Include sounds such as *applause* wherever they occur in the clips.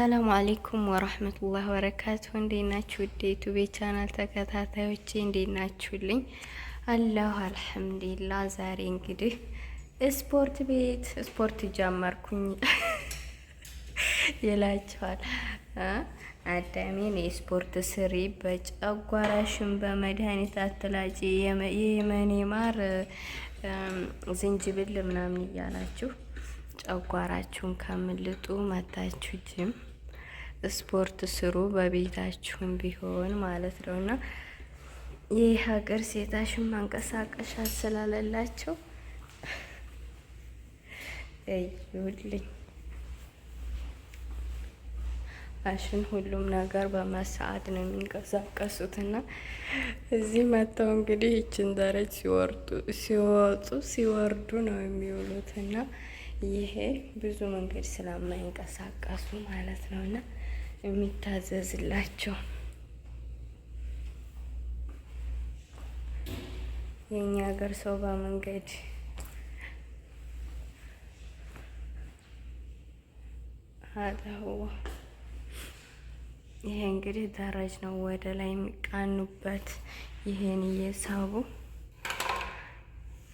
አሰላሙ አሌይኩም ወራህመቱላህ ወበረካቱ። እንዴት ናችሁ? ውድ ዩቱቤ ቻናል ተከታታዮቼ እንዴት ናችሁልኝ? አላሁ አልሐምዱሊላ። ዛሬ እንግዲህ ስፖርት ቤት ስፖርት ጀመርኩኝ *laughs* ይላችኋል አዳሜን የስፖርት ስሪ፣ በጨጓራሽን በመድኃኒት አትላጭ፣ የመኔ ማር ዝንጅብል ምናምን እያላችሁ ጨጓራችሁን ከምልጡ መታችሁ ጅም ስፖርት ስሩ፣ በቤታችሁም ቢሆን ማለት ነው እና ይህ ሀገር ሴታሽን ማንቀሳቀሻ ስላለላቸው እዩልኝ። አሽን ሁሉም ነገር በመሰዓት ነው የሚንቀሳቀሱት እና እዚህ መጥተው እንግዲህ ይችን ደረጅ ሲወጡ ሲወርዱ ነው የሚውሉት እና ይሄ ብዙ መንገድ ስለማይንቀሳቀሱ ማለት ነው እና የሚታዘዝላቸው። የእኛ ሀገር ሰው በመንገድ አጠዋ ይሄ እንግዲህ ደረጅ ነው ወደ ላይ የሚቃኑበት። ይሄን እየሳቡ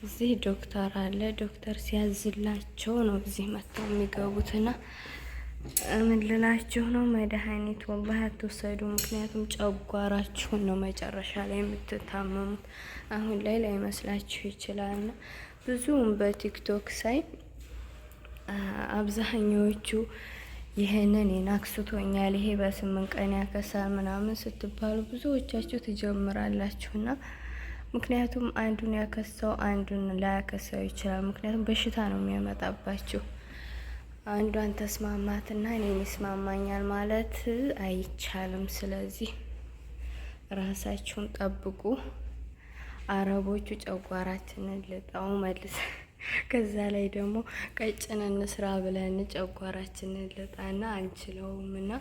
እዚህ ዶክተር አለ። ዶክተር ሲያዝላቸው ነው እዚህ መጥተው የሚገቡትና ምን ልላችሁ ነው፣ መድኃኒት ወላሂ አትወሰዱ። ምክንያቱም ጨጓራችሁን ነው መጨረሻ ላይ የምትታመሙት። አሁን ላይ ላይመስላችሁ ይችላል። ብዙም በቲክቶክ ሳይ አብዛኛዎቹ ይህንን ይናክስቶኛል፣ ይሄ በስምንት ቀን ያከሳል ምናምን ስትባሉ ብዙዎቻችሁ ትጀምራላችሁና ምክንያቱም አንዱን ያከሳው አንዱን ላያከሳው ይችላል። ምክንያቱም በሽታ ነው የሚያመጣባችሁ። አንዷን ተስማማትና እኔም ይስማማኛል ማለት አይቻልም። ስለዚህ ራሳችሁን ጠብቁ። አረቦቹ ጨጓራችንን ልጣው መልስ ከዛ ላይ ደግሞ ቀጭን እንስራ ብለን ጨጓራችንን ልጣና አንችለውም እና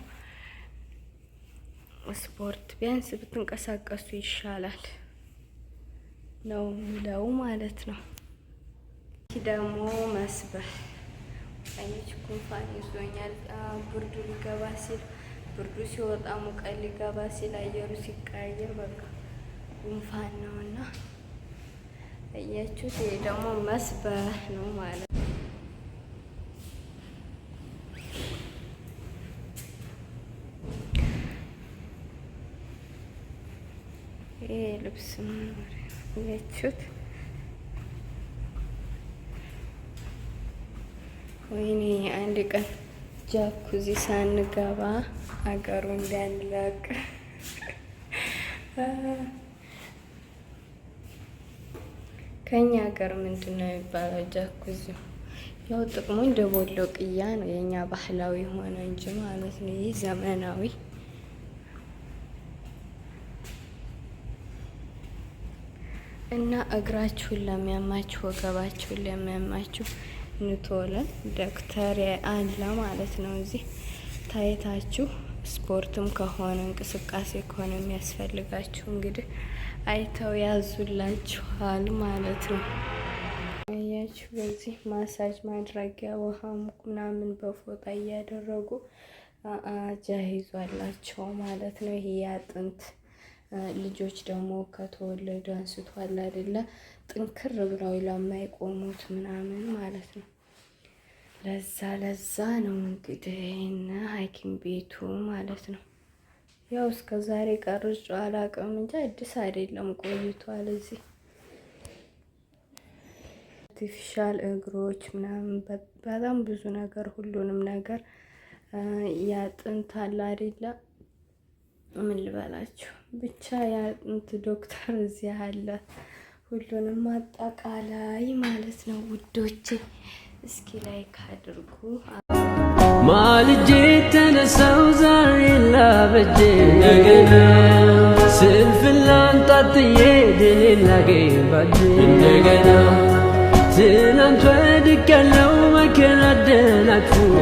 ስፖርት ቢያንስ ብትንቀሳቀሱ ይሻላል ነው የሚለው ማለት ነው። ይህ ደግሞ መስበር ቀኞች ጉንፋን ይዞኛል። ብርዱ ሊገባ ሲል ብርዱ ሲወጣ ሙቀት ሊገባ ሲል አየሩ ሲቀያየር በቃ ጉንፋን ነው እና እያችሁት፣ ይሄ ደግሞ መስበር ነው ማለት ነው። ይሄ ልብስ ያችሁት። ወይኔ አንድ ቀን ጃኩዚ ሳንገባ አገሩ እንዳንለቅ ከኛ ሀገር ምንድን ነው የሚባለው? ጃኩዚ ያው ጥቅሙ እንደ ቦሎቅያ ነው የኛ ባህላዊ ሆነ እንጂ ማለት ነው። ይህ ዘመናዊ እና እግራችሁን ለሚያማችሁ ወገባችሁን ለሚያማችሁ ንቶለን ዶክተር አለ ማለት ነው። እዚህ ታይታችሁ ስፖርትም ከሆነ እንቅስቃሴ ከሆነ የሚያስፈልጋችሁ እንግዲህ አይተው ያዙላችኋል ማለት ነው። አያችሁ በዚህ ማሳጅ ማድረጊያ ውሃ ምናምን በፎጣ እያደረጉ አጃይዟላቸው ማለት ነው። ይሄ የአጥንት ልጆች ደግሞ ከተወለዱ አንስቷል አይደለ? ጥንክር ብለው ለማይቆሙት ምናምን ማለት ነው። ለዛ ለዛ ነው እንግዲህ ይሄን ሐኪም ቤቱ ማለት ነው። ያው እስከ ዛሬ ቀርጬ አላውቅም እንጂ አዲስ አይደለም ቆይቷል። እዚህ አርቲፊሻል እግሮች ምናምን በጣም ብዙ ነገር ሁሉንም ነገር ያጥንታል አይደለ? ምን ልበላችሁ ብቻ ያጥንት ዶክተር እዚህ አለ። ሁሉንም አጠቃላይ ማለት ነው ውዶቼ እስኪ ላይክ አድርጉ። ማልጄ ተነሳው ዛሬ ላበጄ እንደገና ስንፍናን ጣጥዬ ድልን ላገኝ ባጄ እንደገና ትናንት ወድቄያለሁ መከራ አደናቅፎ